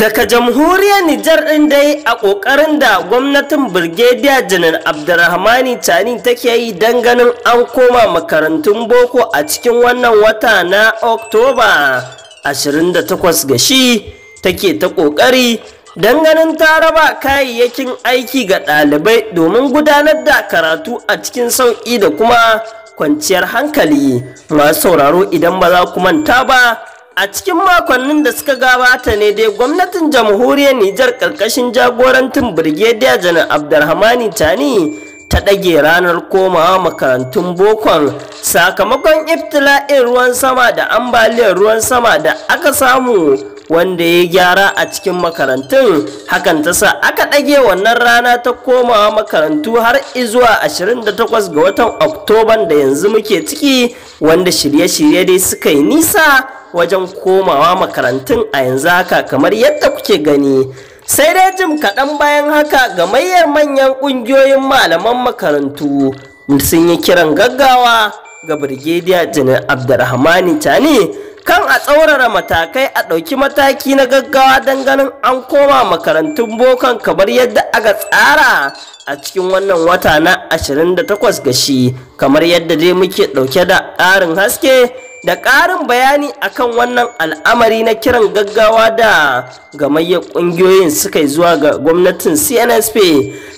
daga jamhuriyar nijar ɗin dai a ƙoƙarin da gwamnatin birgediya janar abdulrahmani tani take yi don ganin an koma makarantun boko a cikin wannan wata na oktoba 28 ga shi take ta ƙoƙari don ganin ta raba kayayyakin aiki ga ɗalibai domin gudanar da karatu a cikin sauƙi da kuma kwanciyar hankali masu sauraro idan ba za ku manta ba A cikin makonnin da suka gabata ne dai gwamnatin jamhuriyar Nijar karkashin jagorantin Birgediya Janar Abdulhamani Tani ta ɗage ranar komawa makarantun bokon sakamakon iftila'in ruwan sama da ambaliyar ruwan sama da aka samu wanda ya gyara a cikin makarantun hakan ta sa aka ɗage wannan rana ta komawa makarantu har izuwa 28 ga watan oktoban da yanzu muke ciki wanda shirye-shirye dai suka yi nisa wajen komawa makarantun a yanzu haka kamar yadda kuke gani sai dai jim kaɗan bayan haka ga gamayyar manyan ƙungiyoyin malaman makarantu sun yi kiran gaggawa ga birgediya janar abdulrahmani tani kan a tsaurara matakai a ɗauki mataki na gaggawa don ganin an koma makarantun bokan kamar yadda aka tsara a cikin wannan wata na 28 ga shi kamar yadda dai muke ɗauke da ƙarin haske da ƙarin bayani akan wannan al'amari na kiran gaggawa da gamayyar ƙungiyoyin suka yi zuwa ga gwamnatin cnsp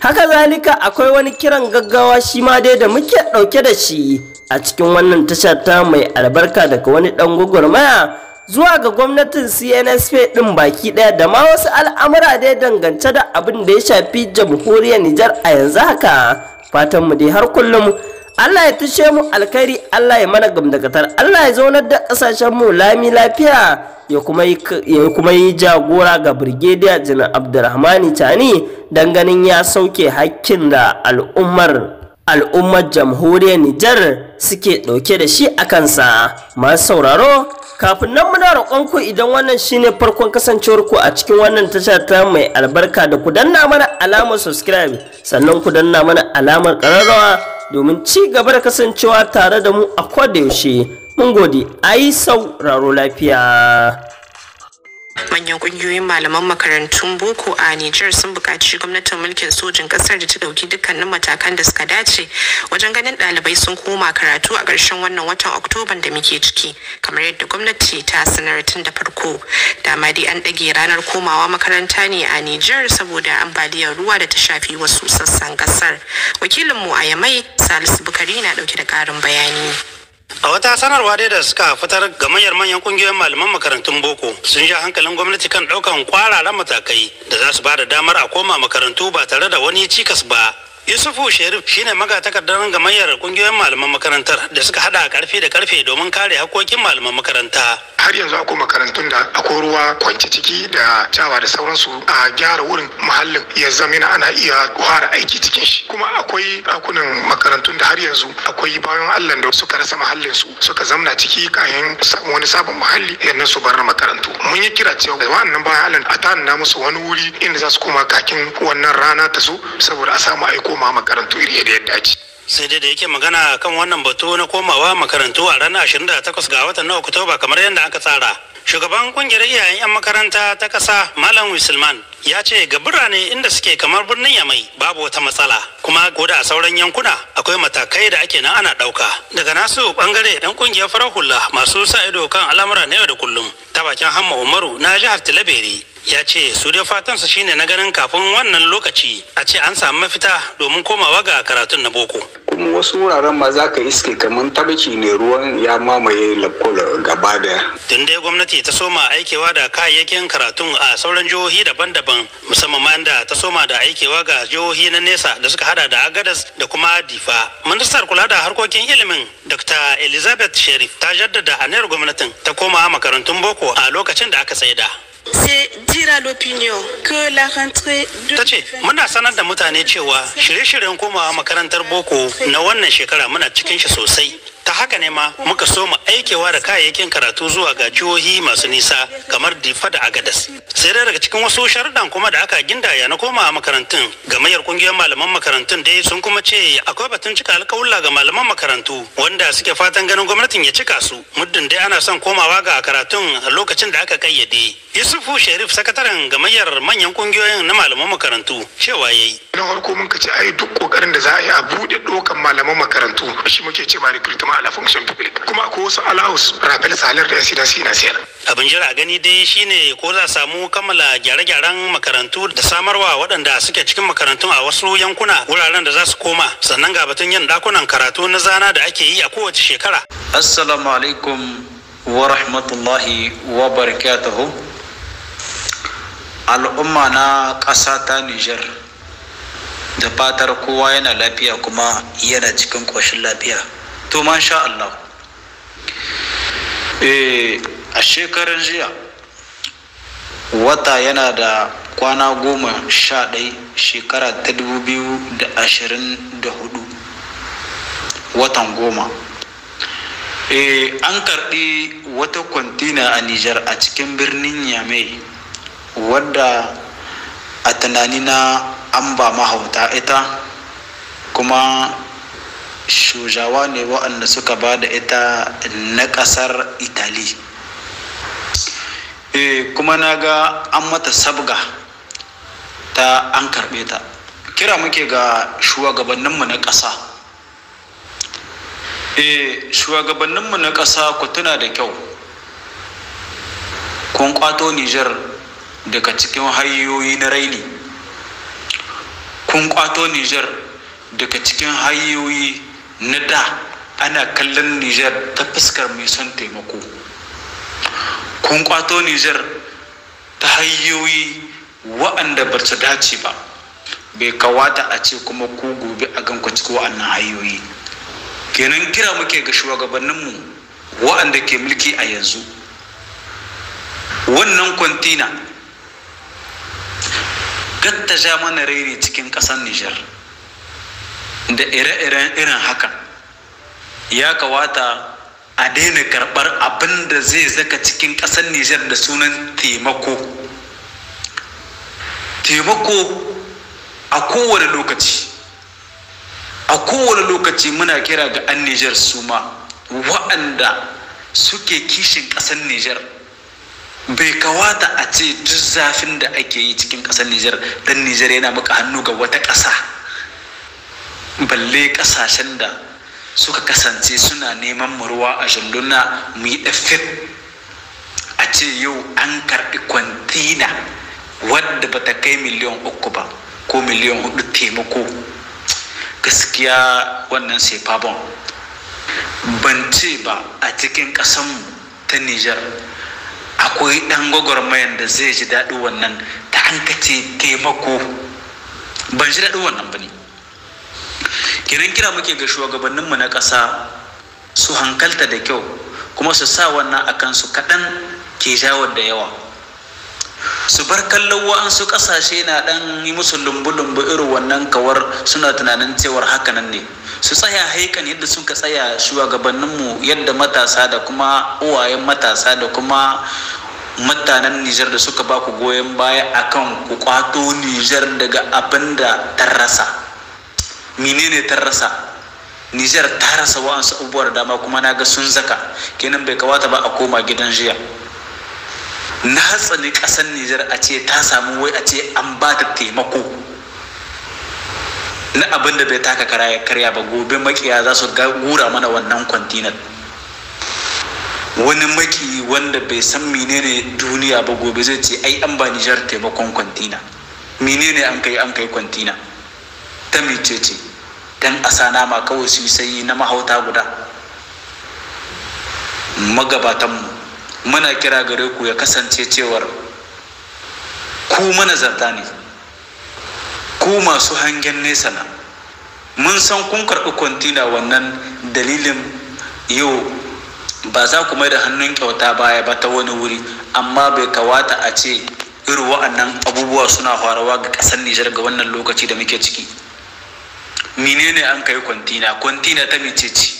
haka zalika akwai wani kiran gaggawa shi ma dai da muke ɗauke da shi a cikin wannan tasha ta mai albarka daga wani ɗan gwagwarmaya zuwa ga gwamnatin cnsp ɗin baki ɗaya da ma wasu al'amura da ya dangance da abin da ya shafi jamhuriyar nijar a yanzu haka fatanmu dai har kullum Allah ya tushe mu alkhairi Allah ya mana gamdakatar Allah ya zaunar da kasashen mu lami lafiya ya kuma yi jagora ga Brigadier jinin Abdulrahmani Tani dan ganin ya sauke hakkin da al'ummar al'ummar jamhuriyar Nijar suke ɗauke da shi a kansa. Masu sauraro, kafin nan muna ku idan wannan shine farkon kasancewar ku a cikin wannan tashar ta mai albarka da ku danna mana alamar subscribe sannan ku danna mana alamar ƙararrawa domin ci gaba da kasancewa tare da mu a kodayaushe. Mun gode, ai sauraro lafiya. manyan kungiyoyin malaman makarantun boko a niger sun buƙaci gwamnatin mulkin sojin ƙasar da ta ɗauki dukkanin matakan da suka dace wajen ganin ɗalibai sun koma karatu a ƙarshen wannan watan oktoban da muke ciki kamar yadda gwamnati ta sanar tun da farko dama dai an ɗage ranar komawa makaranta ne a niger saboda ambaliyar ruwa da ta shafi wasu sassan ƙasar wakilinmu a yamai salisu bukari na ɗauke da ƙarin bayani A wata sanarwa dai da suka fitar gamayyar manyan kungiyoyin malaman makarantun boko sun ja hankalin gwamnati kan daukan kwararan matakai da za su ba da damar a koma makarantu ba tare da wani cikas ba yusufu sherif shine magatakardar gamayyar kungiyoyin malaman makarantar da suka hada karfi da karfe domin kare hakokin malaman makaranta har yanzu akwai makarantun da akwai ruwa kwanci ciki da cawa da sauransu a gyara wurin muhallin ya zamina ana iya fara aiki cikin shi kuma akwai akunan makarantun da har yanzu akwai bayan allah da suka rasa muhallin su suka zamna ciki kayan wani sabon muhalli yannan su bar makarantu mun yi kira cewa wa'annan bayan allah a tana musu wani wuri inda za su koma kakin wannan rana ta zo saboda a samu aiko koma makarantu iri da yadda ake sai dai da yake magana kan wannan batu na komawa makarantu a ranar 28 ga watan na oktoba kamar yadda aka tsara shugaban kungiyar iyayen 'yan makaranta ta kasa malam wisulman ya ce ga birane inda suke kamar birnin yamai babu wata matsala kuma ko a sauran yankuna akwai matakai da ake nan ana ɗauka daga nasu bangare dan kungiyar farar hula masu sa ido kan al'amura na yau da kullum ta bakin hamma umaru na jihar tilaberi ya ce su dai fatansa shine na ganin kafin wannan lokaci a ce an samu mafita domin komawa ga karatun na boko kuma wasu wuraren ma za ka iske kamar tabaki ne ruwan ya mamaye lakol gaba da tun dai gwamnati ta soma aikewa da kayayyakin karatun a sauran jihohi daban-daban musamman ma da ta soma da aikewa ga jihohi na nesa da suka hada da agadas da kuma difa ministar kula da harkokin ilimin dr elizabeth sherif ta jaddada aniyar gwamnatin ta koma makarantun boko a lokacin da aka da. c'est dire ta ce muna sanar da mutane cewa shirye-shiryen komawa makarantar boko na wannan shekara muna cikin shi sosai ta haka ne ma muka so mu aikewa da kayayyakin karatu zuwa ga jihohi masu nisa kamar difa da agadas sai dai daga cikin wasu sharuɗan kuma da aka gindaya na koma makarantun gamayyar kungiyoyin malaman makarantun dai sun kuma ce akwai batun cika alƙawulla ga malaman makarantu wanda suke fatan ganin gwamnatin ya cika su muddin dai ana son komawa ga karatun a lokacin da aka kayyade yusufu sharif sakataren gamayyar manyan kungiyoyin na malaman makarantu cewa yayi na farko mun ka ce ai duk kokarin da za a yi a buɗe ɗaukan malaman makarantu shi muke ce ma a function public kuma ko wasu allowance rabel salar da da si na siyar abin jira gani dai shine ko za samu kammala gyare-gyaren makarantu da samarwa waɗanda suke cikin makarantu a wasu yankuna wuraren da za su koma sannan ga batun yin dakunan karatu na zana da ake yi a kowace shekara assalamu alaikum wa rahmatullahi wa barakatuhu al'umma na ƙasa ta nijar da fatar kowa yana lafiya kuma yana cikin ƙoshin lafiya to sha Allah eh, a shekaran jiya wata yana da kwana goma sha ɗai shekara ta dubu biyu da ashirin da hudu watan goma eh, an karɗi wata kwantina a nijar a cikin birnin yamai wadda a tunanina an ba mahauta ita kuma shujawa ne waɗanda suka ba da ita na ƙasar itali e, eh, kuma na ga an mata sabga ta an karɓe ta kira muke ga shugabanninmu na ƙasa e, shugabanninmu na ƙasa ku tuna da kyau kun kwato nijar daga cikin hanyoyi na raini kun kwato nijar daga cikin hanyoyi na da ana kallon Nijar ta fuskar mai son taimako kun kwato Nijar ta hanyoyi wa'anda ba su dace ba bai kawata a ce kuma ku gobe a ganku cikin wa'annan hanyoyi kenan kira muke ga shugabanninmu wa'anda ke mulki a yanzu wannan kwantina gatta ja mana raini cikin ƙasar nijar da ire-iren irin haka ya kawata a daina karɓar abin da zai zaka cikin ƙasar nijar da sunan taimako taimako a kowane lokaci a kowane lokaci muna kira ga an nijar su ma wa'anda suke kishin ƙasar nijar bai kawata a ce duk zafin da ake yi cikin ƙasar nijar don nijar yana maka hannu ga wata ƙasa balle kasashen da suka kasance suna neman murwa a jalluna mu yi a ce yau an karɓi kwantina wadda ba ta kai miliyan uku ba ko miliyan hudu taimako gaskiya wannan sefabon ban ce ba a cikin ƙasanmu ta nijar akwai ɗan gwagwarmayan da zai ji daɗi wannan ta an taimako ban ji daɗi wannan ba ne kiran kira muke ga shugabanninmu na ƙasa su hankalta da kyau kuma su sa wannan a kansu kaɗan ke jawo da yawa su bar kallon wa'ansu ƙasashe na ɗan yi musu lumbu-lumbu irin wannan kawar suna tunanin cewar hakanan ne su tsaya haikan yadda sun ka tsaya shugabanninmu yadda matasa da kuma uwayen matasa da kuma mutanen Nijar da suka ba ku goyon baya akan ku kwato Nijar daga abin da ta rasa. menene ta rasa Nijar ta rasa wa'ansu abubuwa dama kuma na ga sun zaka kenan bai kawata ba a koma gidan jiya na hatsani kasan Nijar a ce ta samu wai a ce an ba ta taimako na abin da bai taka karya ba gobe makiya za su gura mana wannan kwantinan wani maki wanda bai san menene duniya ba gobe zai ce ai an ba Nijar taimakon kwantina menene an kai an kai kwantina ta mecece ce dan a sa nama kawai su sai na mahauta guda magabatanmu muna kira gare ku ya kasance cewar ku zarta ne ku masu hangen nesa na mun san kun karɓi kwantina wannan dalilin yau ba za ku mai da hannun kyauta baya ba ta wani wuri amma bai kawata a ce irin wa'annan abubuwa suna faruwa ga ƙasar nijar ga wannan lokaci da muke ciki menene an kai kwantina kwantina ta micece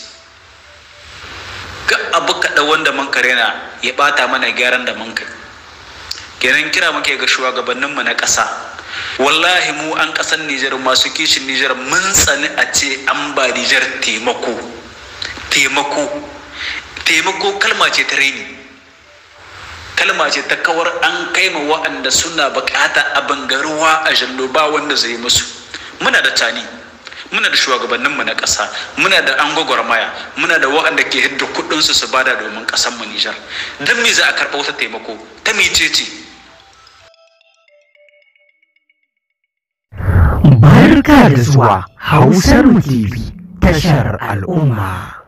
ga abu kaɗa wanda man karena ya bata mana gyaran da man kai kenan kira muke ga shugabanninmu na ƙasa wallahi mu an ƙasar nijar masu kishin nijar mun tsani a ce an ba nijar taimako taimako taimako kalma ce ta raini kalma ce ta kawar an kai ma wa'anda suna bukata abin garuwa a jallo ba wanda zai musu muna da tani muna da shugabanninmu na ƙasa muna da an gwagwarmaya muna da waɗanda ke hidda kuɗinsu su bada domin ƙasanmu nijar don me za a karɓa wata taimako ta mecece barka da zuwa hausar tv tashar al'umma